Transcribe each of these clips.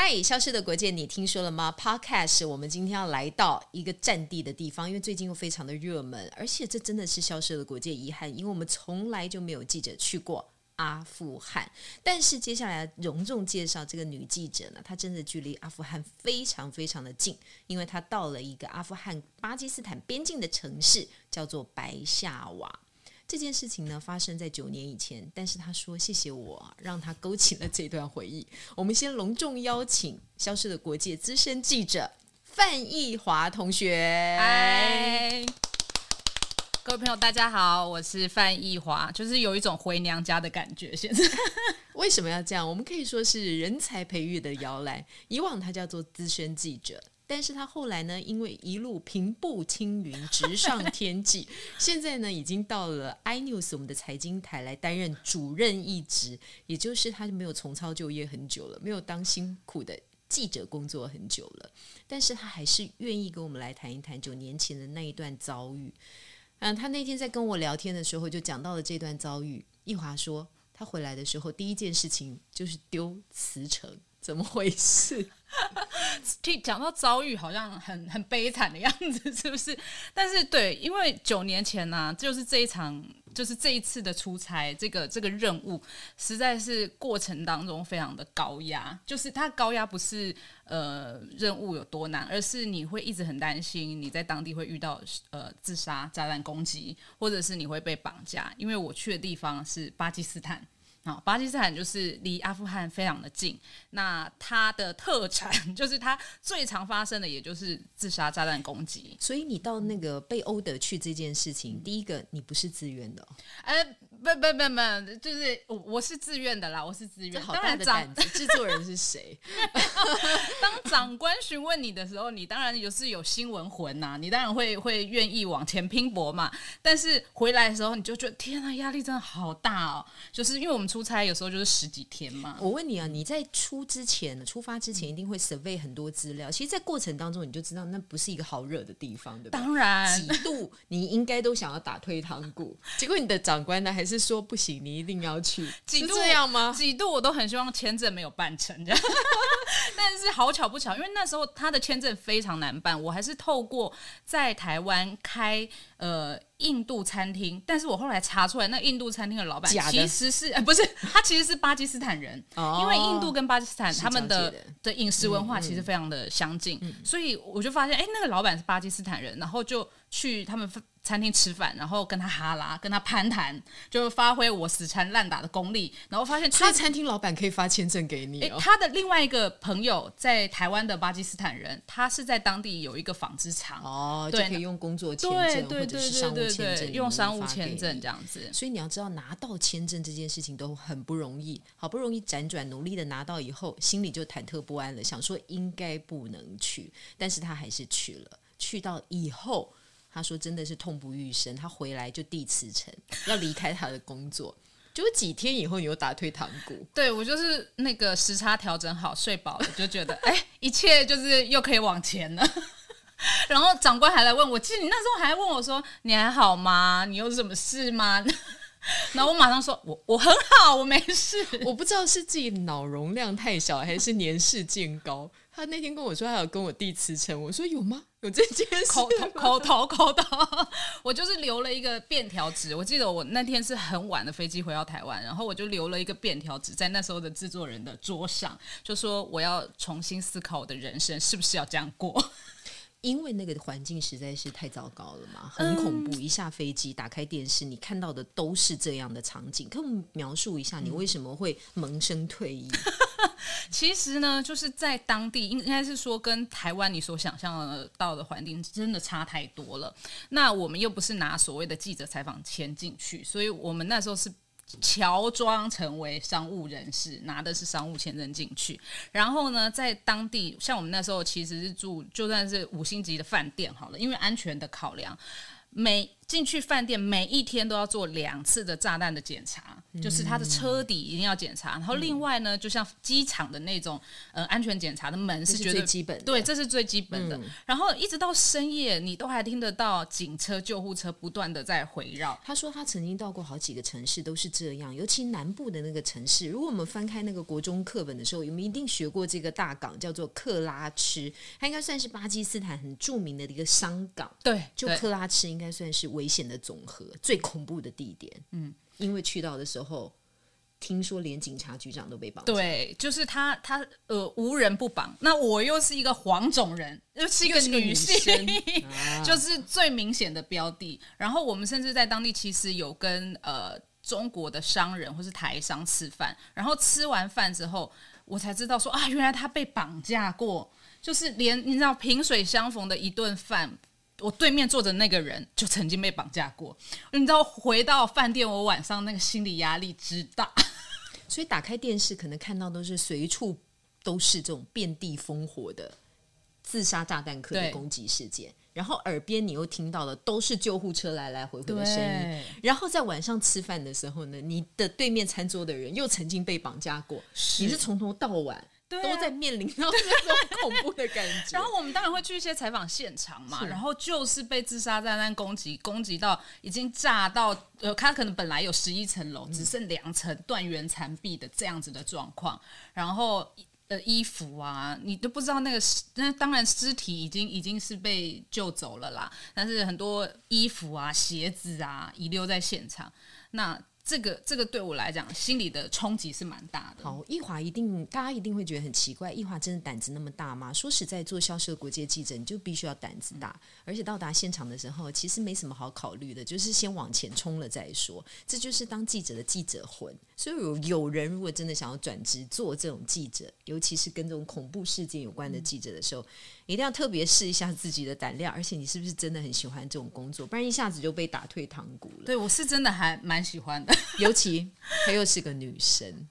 嗨，Hi, 消失的國界，你聽說了嗎？Podcast，我們今天要來到一個戰地的地方，因為最近又非常的熱門，而且這真的是消失的國界遺憾，因為我們從來就沒有記者去過阿富汗。但是接下來隆重介紹這個女記者呢，她真的距離阿富汗非常非常的近，因為她到了一個阿富汗巴基斯坦邊境的城市，叫做白夏瓦。這件事情呢，發生在九年以前，但是他說謝謝我，讓他勾起了這段回憶。我們先隆重邀請《消失的國界》資深記者范逸華同學。Hi 各位朋友，大家好，我是范逸華，就是有一種回娘家的感覺。現在 為什麼要這樣？我們可以說是人才培育的搖籃。以往它叫做資深記者。但是他後來呢，因為一路平步青雲，直上天際， 現在呢已經到了 iNews 我們的財經台來擔任主任一職，也就是他就沒有重操舊業很久了，沒有當辛苦的記者工作很久了，但是他還是願意跟我們來談一談九年前的那一段遭遇。嗯、呃，他那天在跟我聊天的時候，就講到了這段遭遇。易華說，他回來的時候第一件事情就是丟辭呈，怎麼回事？哈，聽講 到遭遇好像很很悲慘的樣子，是不是？但是對，因為九年前呢、啊，就是這一場，就是這一次的出差，這個這個任務實在是過程當中非常的高壓。就是它高壓不是呃任務有多難，而是你會一直很擔心你在當地會遇到呃自殺、炸彈攻擊，或者是你會被綁架。因為我去的地方是巴基斯坦。巴基斯坦就是離阿富汗非常的近，那它的特產就是它最常發生的，也就是自殺炸彈攻擊。所以你到那個貝歐德去這件事情，第一個，你不是自願的哦？呃沒沒沒，就是我我是自願的啦，我是自願。好大的膽子！ 製作人是誰？ 當長官詢問你的時候，你當然有是有新聞魂吶、啊，你當然會會願意往前拼搏嘛。但是回來的時候，你就覺得天吶，壓力真的好大哦。就是因為我們出差有時候就是十幾天嘛。我問你啊，你在出之前，出發之前一定會 survey 很多資料。其實，在過程當中你就知道，那不是一個好惹的地方，對吧？當然，幾度你應該都想要打退堂鼓。 結果你的長官呢，還是。說不行，你一定要去，幾度嗎？幾度我都很希望簽證沒有辦成這樣， 但是好巧不巧，因為那時候他的簽證非常難辦，我還是透過在台灣開呃印度餐廳，但是我後來查出來，那印度餐廳的老板其實是的、哎、不是，他其實是巴基斯坦人，哦、因為印度跟巴基斯坦他們的的飲食文化其實非常的相近，嗯嗯、所以我就發現哎，那個老板是巴基斯坦人，然後就去他們。餐廳吃飯，然後跟他哈拉，跟他攀談，就發揮我死纏爛打的功力。然後發現他，其實餐廳老闆可以發簽證給你哦。誒，他的另外一個朋友在台灣的巴基斯坦人，他是在當地有一個紡織廠哦，呢就可以用工作簽證對或者是商務簽證，用商務簽證這樣子。所以你要知道，拿到簽證這件事情都很不容易，好不容易輾轉努力的拿到以後，心裡就忐忑不安了，想說應該不能去，但是他還是去了，去到以後。他說：“真的是痛不欲生，他回來就遞辭呈，要離開他的工作。就幾天以後你又打退堂鼓。對我就是那個時差調整好，睡飽了就覺得，哎、欸，一切就是又可以往前了。 然後長官還來問我，其實你那時候還問我說：你還好嗎？你有什麼事嗎？ 然後我馬上說我我很好，我沒事。我不知道是自己腦容量太小，還是年事漸高。他那天跟我說他有跟我遞辭呈，我說有嗎？”有這件事情，口頭口頭口頭，我就是留了一個便條紙。我記得我那天是很晚的飛機回到台灣，然後我就留了一個便條紙在那時候的製作人的桌上，就說我要重新思考我的人生是不是要這樣過，因為那個環境實在是太糟糕了嘛，很恐怖。嗯、一下飛機打開電視，你看到的都是這樣的場景。跟我們描述一下你為什麼會萌生退意？ 其實呢，就是在當地，應該是說跟台灣你所想象的到的環境真的差太多了。那我們又不是拿所謂的記者採訪簽進去，所以我們那時候是喬裝成為商務人士，拿的是商務簽證進去。然後呢，在當地，像我們那時候其實是住就算是五星級的飯店好了，因為安全的考量，每進去飯店，每一天都要做兩次的炸彈的檢查，嗯、就是他的車底一定要檢查。然後另外呢，嗯、就像機場的那種，呃，安全檢查的門是，是最基本的，對，這是最基本的。嗯、然後一直到深夜，你都還聽得到警車、救護車不斷的在回繞。他說他曾經到過好幾個城市，都是這樣。尤其南部的那個城市，如果我們翻開那個國中課本的時候，我們一定學過這個大港叫做克拉吃，它應該算是巴基斯坦很著名的一個商港。對，對就克拉吃應該算是。危險的總和，最恐怖的地點。嗯，因為去到的時候，聽說連警察局長都被綁。對，就是他，他呃，無人不綁。那我又是一個黃種人，又是一個女性，就是最明顯的標的。然後我們甚至在當地其實有跟呃中國的商人或是台商吃飯，然後吃完飯之後，我才知道說啊，原來他被綁架過。就是連你知道，萍水相逢的一頓飯。我對面坐着那個人就曾經被綁架過，你知道，回到飯店，我晚上那個心理壓力之大，所以打開電視，可能看到都是隨處都是這種遍地烽火的自殺炸彈客的攻擊事件，對然後耳邊你又聽到的都是救護車來來回回的聲音，對然後在晚上吃飯的時候呢，你的對面餐桌的人又曾經被綁架過，是你是從頭到尾，啊、都在面臨到這種恐怖的感覺。 然後我們當然會去一些採訪現場嘛，是然後就是被自殺炸彈攻擊，攻擊到已經炸到呃，他可能本來有十一層樓，只剩兩層斷垣殘壁的這樣子的狀況。嗯、然後呃，衣服啊，你都不知道那個那當然屍體已經已經是被救走了啦，但是很多衣服啊、鞋子啊遺留在現場。那這個這個對我來講，心理的衝擊是蠻大的。好，易華一定，大家一定會覺得很奇怪，易華真的膽子那麼大嗎？說實在，做消失的國界記者，你就必須要膽子大，嗯、而且到達現場的時候，其實沒什麼好考慮的，就是先往前衝了再說。這就是當記者的記者魂。所以有有人如果真的想要轉職做這種記者，尤其是跟這種恐怖事件有關的記者的時候，嗯、一定要特別試一下自己的膽量，而且你是不是真的很喜歡這種工作，不然一下子就被打退堂鼓了。對，我是真的還蠻喜歡的。 尤其她又是個女生，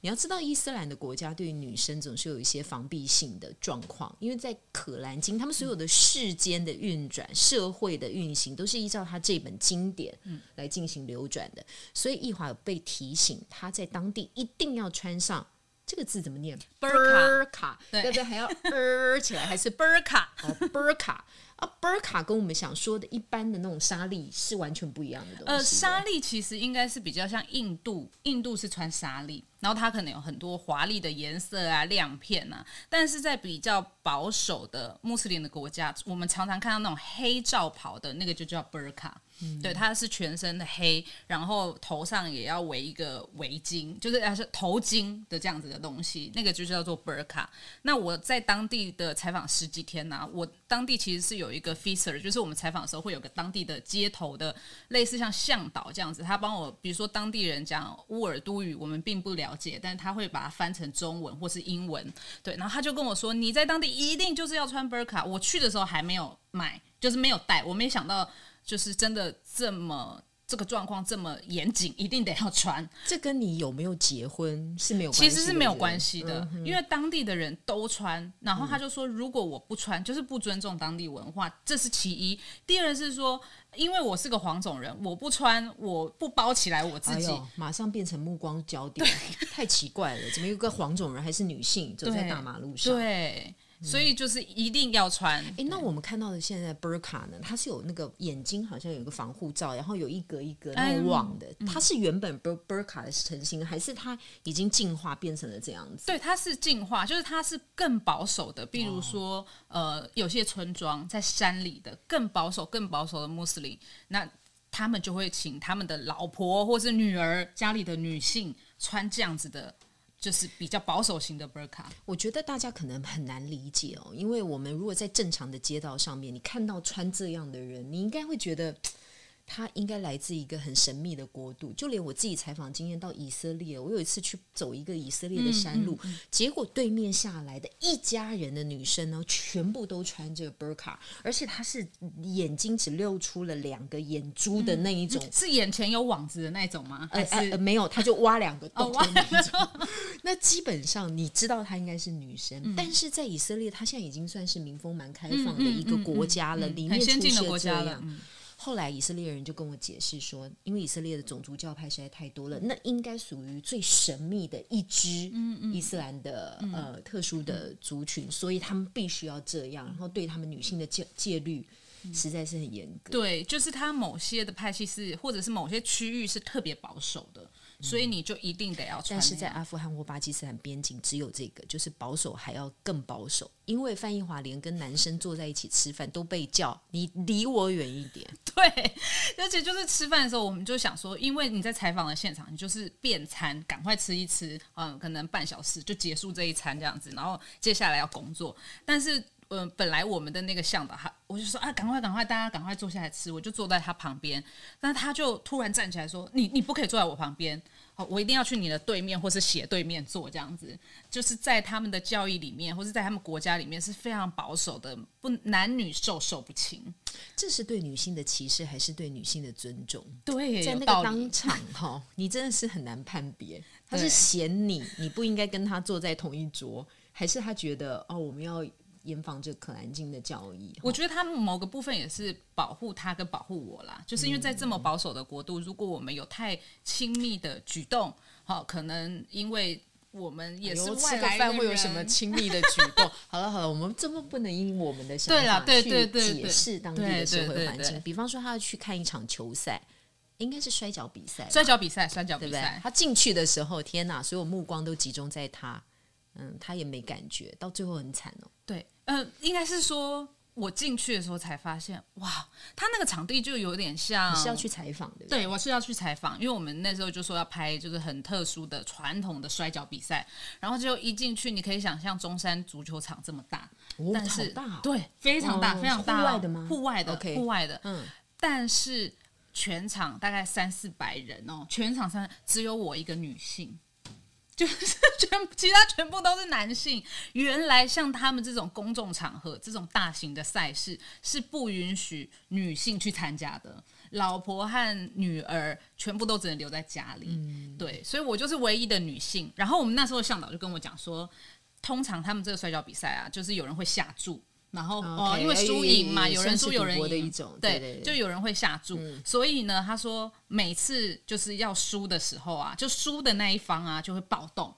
你要知道，伊斯蘭的國家對女生總是有一些防備性的狀況，因為在可蘭經，他們所有的世間的運轉、社會的運行都是依照他這本經典來進行流轉的，所以一華有被提醒，他在當地一定要穿上這個字怎麼念？burka Ber ka, 對，對不對？還要 er 起來還是 burka？哦 ，burka。啊，布爾 a 跟我們想說的一般的那種紗麗是完全不一樣的東西。呃，紗麗其實應該是比較像印度，印度是穿紗麗，然後它可能有很多華麗的顏色啊、亮片啊。但是在比較保守的穆斯林的國家，我們常常看到那種黑罩袍的那個就叫 b k 爾卡。對，它是全身的黑，然後頭上也要圍一個圍巾，就是還是頭巾的這樣子的東西，那個就叫做 b 布爾卡。那我在當地的採訪十幾天呢、啊，我當地其實是有。有一個 fixer，就是我們採訪的時候會有個當地的街頭的類似像嚮導這樣子，他幫我，比如說當地人講烏爾都語，我們並不了解，但他會把它翻成中文或是英文對，然後他就跟我說，你在當地一定就是要穿 burka。我去的時候還沒有買，就是沒有帶。我沒想到就是真的這麼。這個狀況這麼嚴謹，一定得要穿。這跟你有沒有結婚是沒有關係，其實是沒有關係的，嗯、哼因為當地的人都穿。然後他就說，嗯、如果我不穿，就是不尊重當地文化，這是其一。第二是說，因為我是個黃種人，我不穿，我不包起來我自己，哎、馬上變成目光焦點，對太奇怪了，怎麼有個黃種人還是女性走在大馬路上？對。對所以就是一定要穿。誒、嗯欸，那我們看到的現在 Burka 呢，它是有那個眼睛好像有一個防護罩，然後有一格一格那個網的。哎嗯、它是原本 Bur-Burka 的成型，還是它已經進化變成了這樣子？對，它是進化，就是它是更保守的。比如說，哦、呃，有些村莊在山裡的更保守、更保守的穆斯林，那他們就會請他們的老婆或是女兒、家裡的女性穿這樣子的。就是比較保守型的 Burka，我覺得大家可能很難理解哦，因為我們如果在正常的街道上面，你看到穿這樣的人，你應該會覺得。她應該來自一個很神秘的國度，就連我自己採訪經驗到以色列，我有一次去走一個以色列的山路，嗯嗯嗯、結果對面下來的一家人的女生呢，全部都穿這個 Burka，而且她是眼睛只露出了兩個眼珠的那一種，嗯、是眼前有網子的那一種嗎？呃是呃？呃，沒有，她就挖兩個洞兩種。那基本上你知道她應該是女生，嗯、但是在以色列，她現在已經算是民風蠻開放的一個國家了，嗯嗯嗯嗯嗯、裡面出現這樣先進的國家了。嗯後來以色列人就跟我解釋說，因為以色列的種族教派實在太多了，嗯、那應該屬於最神秘的一支伊斯蘭的、嗯、呃特殊的族群，嗯、所以他們必須要這樣，然後對他們女性的戒戒律實在是很嚴格、嗯。對，就是他某些的派系是，或者是某些區域是特別保守的，所以你就一定得要穿、嗯、但是在阿富汗或巴基斯坦邊境，只有這個就是保守，還要更保守。因為范逸華連跟男生坐在一起吃飯都被叫你離我遠一點。對，而且就是吃飯的時候，我們就想說，因為你在採訪的現場，你就是便餐，趕快吃一吃，嗯，可能半小時就結束這一餐這樣子，然後接下來要工作。但是，嗯、呃，本來我們的那個向導，他我就說啊，趕快趕快，大家趕快坐下來吃。我就坐在他旁邊，那他就突然站起來說：“你你不可以坐在我旁邊。”我一定要去你的對面或是斜對面坐。這樣子就是在他們的教育裡面，或是在他們國家裡面是非常保守的，不，男女授受不親。這是對女性的歧視，還是對女性的尊重？對，在那個當場哈、 哦，你真的是很難判別，他是嫌你，你不應該跟他坐在同一桌，還是他覺得哦，我們要。嚴防這可蘭金的交易，我覺得他們某個部分也是保護他跟保護我啦，嗯、就是因為在這麼保守的國度，如果我們有太親密的舉動，好，可能因為我們也是外、哎、吃個飯會有什麼親密的舉動。 好了好了，好了，我們這麼不能因我們的想法去解釋當地的社會環境。對對對，對對對。比方說，他要去看一場球賽，應該是摔跤比賽，摔跤比賽，摔跤比賽。他進去的時候，天吶，所有目光都集中在他，嗯，他也沒感覺到最後很慘哦、喔，對。嗯、呃，應該是說，我進去的時候才發現，哇，他那個場地就有點像你是要去採訪的。對，我是要去採訪，因為我們那時候就說要拍就是很特殊的傳統的摔跤比賽，然後就一進去，你可以想象中山足球場這麼大，哦、但是大、哦、對，非常大，哦、非常大，戶外的嗎？戶外的，Okay，戶外的，嗯，但是全場大概三四百人哦，全場上只有我一個女性。就是全其他全部都是男性，原來像他們這種公眾場合、這種大型的賽事是不允許女性去參加的，老婆和女兒全部都只能留在家裡。嗯、對，所以我就是唯一的女性。然後我們那時候的向導就跟我講說，通常他們這個摔跤比賽啊，就是有人會下注。然後 okay，哦，因為輸贏嘛，有人輸、哎哎哎哎哎、有人贏，的一種對，對對對，就有人會下注，嗯、所以呢，他說每次就是要輸的時候啊，就輸的那一方啊就會暴動，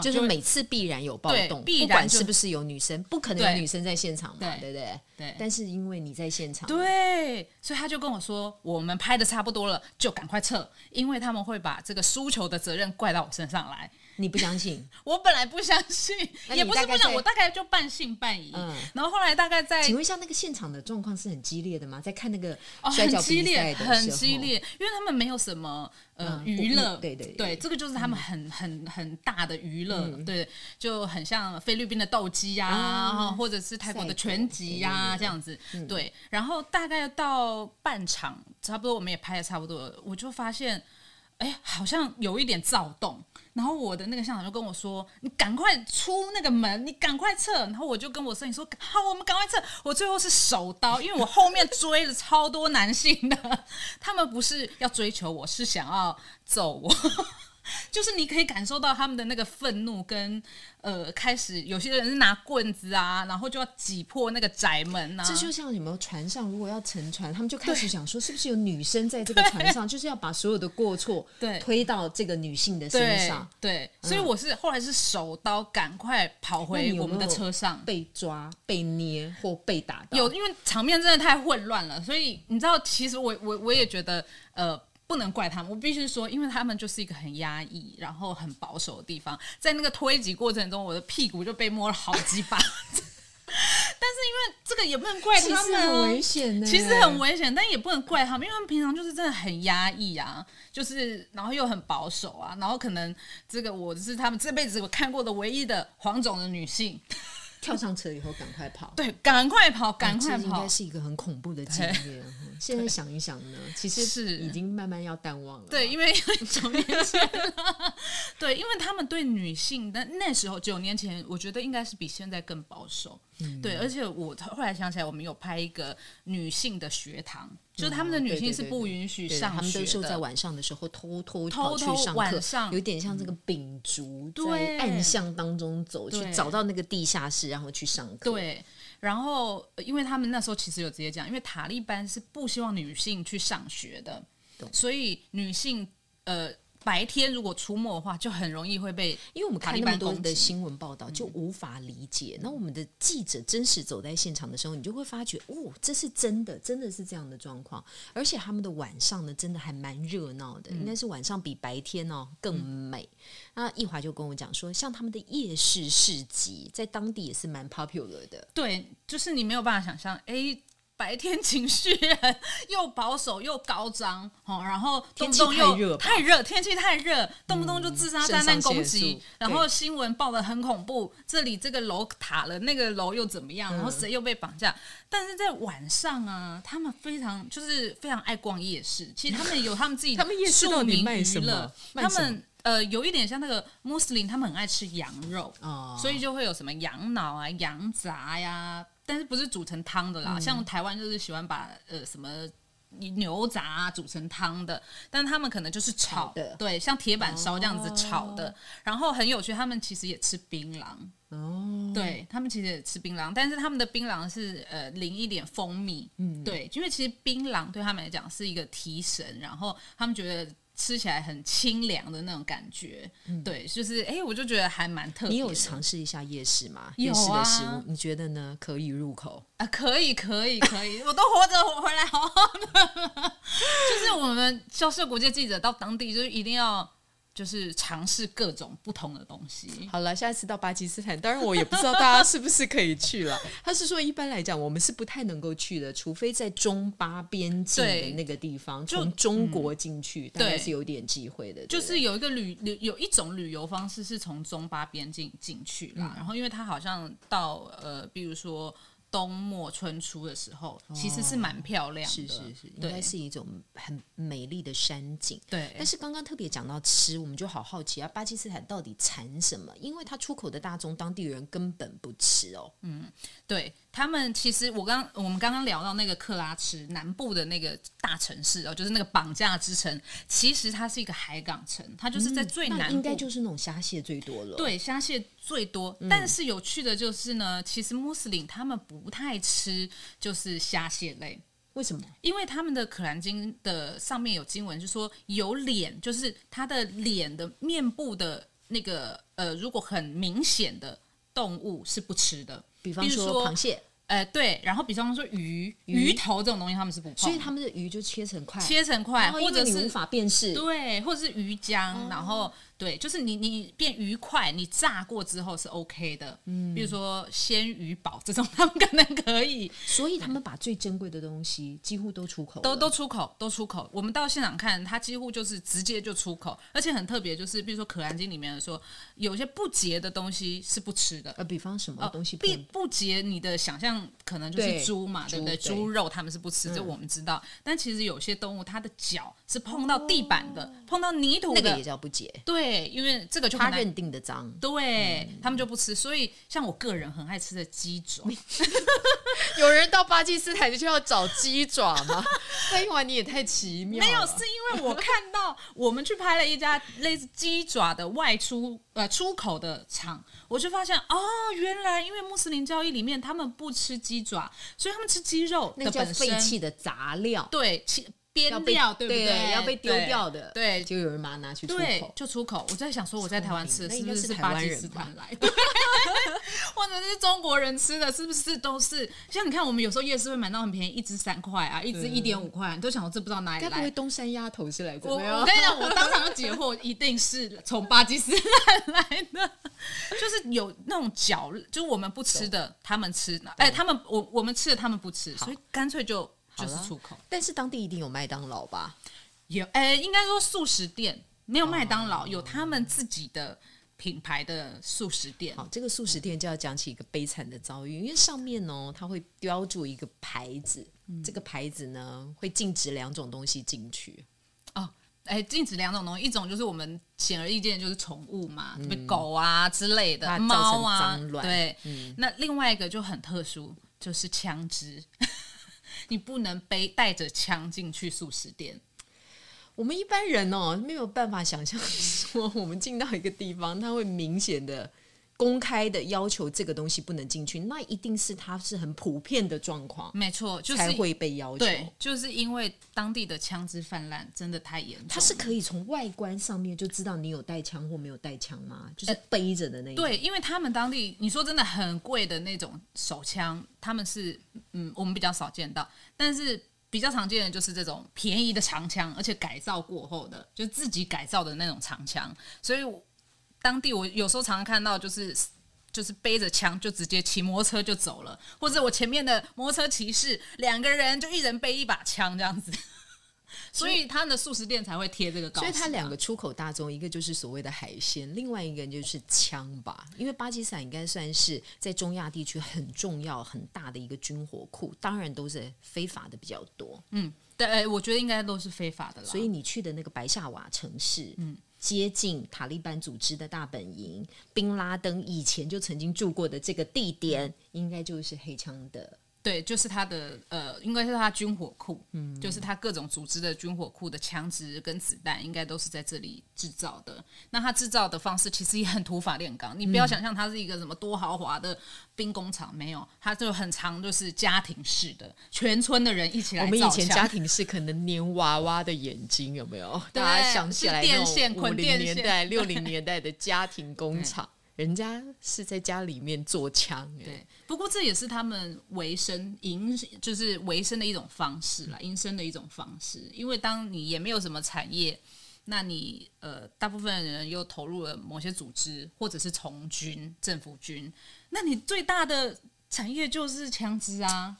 就是每次必然有暴動，啊、必然不管是不是有女生，不可能有女生在現場嘛，對對？對。對對，但是因為你在現場，對，所以他就跟我說，我們拍的差不多了，就趕快撤，因為他們會把這個輸球的責任怪到我身上來。你不相信？我本來不相信，也不是不想。我大概就半信半疑。然後後來大概在……請問一下，那個現場的狀況是很激烈的嗎？在看那個摔跤比賽的時候，哦，很激烈，很激烈，因為他們沒有什麼呃娛樂，對對對，這個就是他們很很很大的娛樂，對，就很像菲律賓的鬥雞呀，或者是泰國的拳擊呀這樣子，對。然後大概到半場，差不多我們也拍的差不多，我就發現。哎，好像有一點躁動，然後我的那個校長就跟我說：“你趕快出那個門，你趕快撤。”然後我就跟我攝影說：“好，我們趕快撤。”我最後是手刀，因為我後面追了超多男性的，他們不是要追求我，是想要揍我。就是你可以感受到他們的那個憤怒跟，呃，開始有些人是拿棍子啊，然後就要擠破那個宅門啊。這就像你們船上如果要沉船，他們就開始想說是不是有女生在這個船上，對就是要把所有的過錯對推到這個女性的身上對。對，所以我是後來是手刀，趕快跑回我們的車上。有沒有被抓、被捏或被打到？有，因為場面真的太混亂了，所以你知道，其實我我我也覺得呃。不能怪他們，我必須說，因為他們就是一個很壓抑，然後很保守的地方。在那個推擠過程中，我的屁股就被摸了好幾把。 但是因為這個也不能怪他們，其實很危險，其實很危險，但也不能怪他們，因為他們平常就是真的很壓抑啊，就是然後又很保守啊，然後可能這個我是他們這輩子我看過的唯一的黃種的女性。跳上車以後，趕快跑！對，趕快跑，趕快跑！應該是一個很恐怖的經驗。現在想一想呢，對其實是已經慢慢要淡忘了。對，因為九年前了， 對，因為他們對女性，但那時候九年前，我覺得應該是比現在更保守。嗯、對，而且我後來想起來，我們有拍一個女性的學堂，嗯、就是他們的女性是不允許上學的，都是在晚上的時候偷偷跑去上課，偷偷上有點像這個秉燭、嗯、對在暗巷當中走對去找到那個地下室，然後去上課。對，然後、呃、因為他們那時候其實有直接講，因為塔利班是不希望女性去上學的，對所以女性呃。白天如果出沒的話，就很容易會被，因為我們看那麼多的新聞報道，就無法理解。嗯、那我們的記者真實走在現場的時候，你就會發覺，哦，這是真的，真的是這樣的狀況。而且他們的晚上呢，真的還蠻熱鬧的，應該、嗯、是晚上比白天哦更美。嗯、那奕華就跟我講說，像他們的夜市市集，在當地也是蠻 popular 的。對，就是你沒有辦法想象，誒。白天情緒又保守又高漲，哦，然後動不動又太熱，天氣太熱，動不動就自殺、炸彈攻擊，嗯、然後新聞報的很恐怖，這裡這個樓塌了，那個樓又怎麼樣，然後誰又被綁架？嗯、但是在晚上啊，他們非常就是非常愛逛夜市，其實他們有他們自己的夜市，知道你賣什麼，他們。呃，有一點像那個穆斯林，他們很愛吃羊肉，哦、所以就會有什麼羊腦啊、羊雜呀、啊，但是不是煮成湯的啦？嗯、像台灣就是喜歡把呃什麼牛雜、啊、煮成湯的，但是他們可能就是炒的，對，像鐵板燒這樣子炒的。哦、然後很有趣，他們其實也吃檳榔，哦，對他們其實也吃檳榔，但是他們的檳榔是呃淋一點蜂蜜，嗯，對，因為其實檳榔對他們來講是一個提神，然後他們覺得。吃起來很清涼的那種感覺，嗯、對，就是哎、欸，我就覺得還蠻特別。你有嘗試一下夜市嗎？啊、夜市的食物，你覺得呢？可以入口啊？可以，可以，可以， 我都活着我回來，好好的。 就是我們消失的國界記者到當地，就是一定要。就是嘗試各種不同的東西。好了，下一次到巴基斯坦，當然我也不知道大家是不是可以去了。 他是說，一般來講，我們是不太能夠去的，除非在中巴邊境的那個地方，從中國進去，對、嗯、大概是有點機會的。對對就是有一個旅，有有一種旅遊方式是從中巴邊境進去啦。嗯、然後，因為它好像到呃，比如說。冬末春初的時候，其實是蠻漂亮的，哦，是是是，應該是一種很美麗的山景。對，但是剛剛特別講到吃，我們就好好奇啊，巴基斯坦到底產什麼？因為它出口的大宗，當地人根本不吃哦。嗯，對。他們其實我，我剛我們剛剛聊到那個克拉池南部的那個大城市哦，就是那個綁架之城，其實它是一個海港城，它就是在最南部。嗯，應該就是那種蝦蟹最多了。對，蝦蟹最多。嗯，但是有趣的就是呢，其實穆斯林他們不太吃就是蝦蟹類，為什麼？因為他們的可蘭經的上面有經文，就是說有臉，就是它的臉的面部的那個呃，如果很明顯的動物是不吃的，比方說螃蟹。呃，對，然後比方說魚魚，魚頭這種東西，他們是不泡，所以他們的魚就切成塊，切成塊，或者是無法辨識，對，或者是魚漿，哦。然後。對，就是你你變愉快，你炸過之後是 OK 的。嗯，比如說鮮魚堡這種，他們可能可以。所以他們把最珍貴的東西幾乎都出口，都都出口，都出口。我們到現場看，它幾乎就是直接就出口，而且很特別，就是比如說《可蘭經》裡面說，有些不潔的東西是不吃的。呃，比方什麼東西、哦、不不潔，你的想象。可能就是豬嘛，對不對？豬肉他們是不吃，這我們知道。但其實有些動物，它的腳是碰到地板的，碰到泥土的。那個也叫不潔，對，因為這個就他認定的髒，對，他們就不吃。所以像我個人很愛吃的雞爪，有人到巴基斯坦就去要找雞爪嘛？那英文你也太奇妙。沒有，是因為我看到我們去拍了一家類似雞爪的外出。呃，出口的廠，我就發現哦，原來因為穆斯林教義裡面他們不吃雞爪，所以他們吃雞肉的本身那個廢棄的雜料，對，其。邊掉對不對？要被丟掉的，對，就有人把它拿去出口，就出口。我在想說，我在台灣吃的是不是是巴基斯坦來的，或者是中國人吃的？是不是都是？像你看，我們有時候夜市會買到很便宜，一隻三塊啊，一隻一點五塊，你都想我這不知道哪裡來。該不會東山鴨頭是來過沒有？我我跟你講，我當場就解惑，一定是從巴基斯坦來的，就是有那種腳，就我們不吃的，他們吃的。哎，他們我我們吃的，他們不吃，所以乾脆就。就是出口，但是當地一定有麥當勞吧？有，哎、欸，應該說速食店沒有麥當勞，哦、有他們自己的品牌的速食店。好，這個速食店就要講起一個悲慘的遭遇，因為上面呢、哦，它會吊著一個牌子，嗯、這個牌子呢會禁止兩種東西進去。哦，哎、欸，禁止兩種東西，一種就是我們顯而易見就是寵物嘛，狗啊之類的，貓、嗯、啊，對，嗯、那另外一個就很特殊，就是槍支。你不能背帶着槍進去速食店。我們一般人哦、喔，沒有辦法想象說，我們進到一個地方，他會明顯的。公開的要求這個東西不能進去，那一定是它是很普遍的狀況。沒錯，就是會被要求，對，就是因為當地的槍支泛濫真的太嚴重。它是可以從外觀上面就知道你有帶槍或沒有帶槍嗎？就是背着的那種。欸，對，因為他們當地，你說真的很貴的那種手槍，他們是嗯，我們比較少見到，但是比較常見的就是這種便宜的長槍，而且改造過後的就自己改造的那種長槍，所以我。當地我有時候常常看到，就是就是背着槍就直接騎摩托車就走了，或者我前面的摩托車騎士兩個人就一人背一把槍這樣子，所以， 所以他的素食店才會貼這個告示。所以它兩個出口大宗一個就是所謂的海鮮，另外一個就是槍吧。因為巴基斯坦應該算是在中亞地區很重要、很大的一個軍火庫，當然都是非法的比較多。嗯，對，哎，我覺得應該都是非法的了。所以你去的那個白夏瓦城市，嗯。接近塔利班組織的大本營，賓拉登以前就曾經住過的這個地點，應該就是黑槍的。對，就是他的呃，應該是他軍火庫，嗯、就是他各種組織的軍火庫的槍支跟子彈，應該都是在這裡製造的。那他製造的方式其實也很土法煉鋼，你不要想象它是一個什麼多豪華的兵工廠，沒有，它就很長，就是家庭式的，全村的人一起來造。我們以前家庭式可能粘娃娃的眼睛有沒有？對大家想起來電線那種五零年代、六零年代的家庭工廠。對人家是在家裡面做槍，對，對。不過這也是他們維生、營就是維生的一種方式啦。嗯、營生的一種方式。因為當你也沒有什麼產業，那你呃，大部分的人又投入了某些組織或者是從軍、政府軍，那你最大的產業就是槍支啊。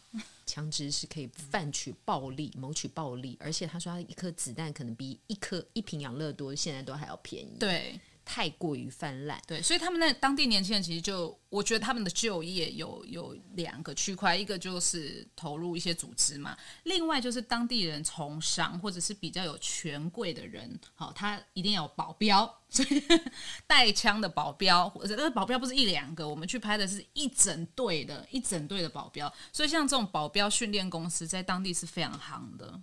槍支是可以販取暴利、謀、嗯、取暴利，而且他說，他一顆子彈可能比一顆一瓶養樂多現在都還要便宜。對。太過於泛濫，對，所以他們那當地年輕人其實就，我覺得他們的就業有有兩個區塊，一個就是投入一些組織嘛，另外就是當地人從商或者是比較有權貴的人，好、哦，他一定要有保鏢，所以帶槍 的保鏢，這個保鏢不是一兩個，我們去拍的是一整隊的，一整隊的保鏢，所以像這種保鏢訓練公司在當地是非常行的。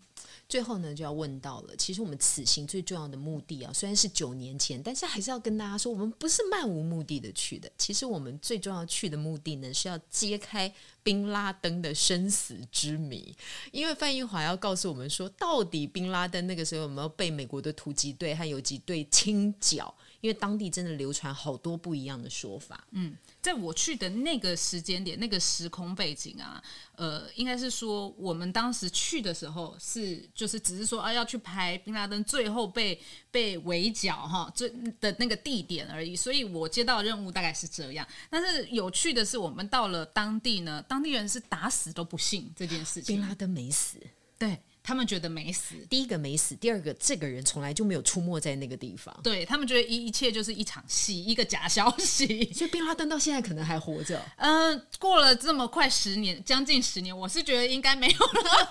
最後呢，就要問到了。其實我們此行最重要的目的啊，雖然是九年前，但是還是要跟大家說，我們不是漫無目的的去的。其實我們最重要去的目的呢，是要揭開賓拉登的生死之謎。因為范玉華要告訴我們說，到底賓拉登那個時候有沒有被美國的突擊隊和游擊隊清剿？因為當地真的流傳好多不一樣的說法。嗯。在我去的那個時間點，那個時空背景啊，呃，應該是說我們當時去的時候是，就是只是說啊，要去拍賓拉登最後被被圍剿哈，最的那個地點而已。所以我接到任務，大概是這樣。但是有趣的是，我們到了當地呢，當地人是打死都不信這件事情，賓拉登沒死。對。他們覺得沒死，第一個沒死，第二個這個人從來就沒有出沒在那個地方。對，他們覺得一一切就是一場戲，一個假消息。所以賓拉登到現在可能還活着。嗯，過了這麼快十年，將近十年，我是覺得應該沒有了。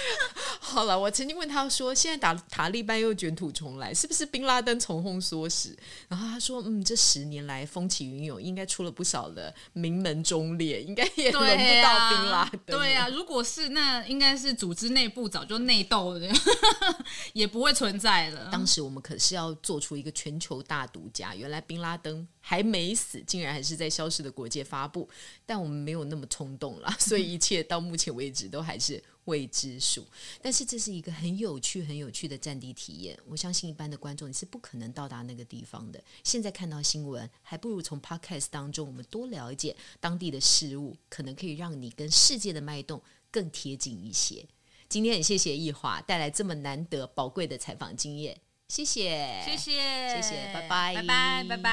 好了，我曾經問他說：“現在打塔利班又卷土重來，是不是賓拉登從後唆使？”然後他說：“嗯，這十年來風起雲湧，應該出了不少的名門忠烈，應該也輪不到賓拉登、啊。對呀、啊，如果是那應該是組織內部找。就內鬥的，也不會存在了。當時我們可是要做出一個全球大獨家，原來賓拉登還沒死，竟然還是在消失的國界發布。但我們沒有那麼衝動了，所以一切到目前為止都還是未知數。 但是這是一個很有趣、很有趣的戰地體驗。我相信一般的觀眾你是不可能到達那個地方的。現在看到新聞，還不如從 Podcast 當中我們多了解當地的事物，可能可以讓你跟世界的脈動更貼近一些。今天很謝謝易華帶來這麼難得寶貴的採訪經驗，謝謝謝謝謝謝，拜拜拜拜拜拜。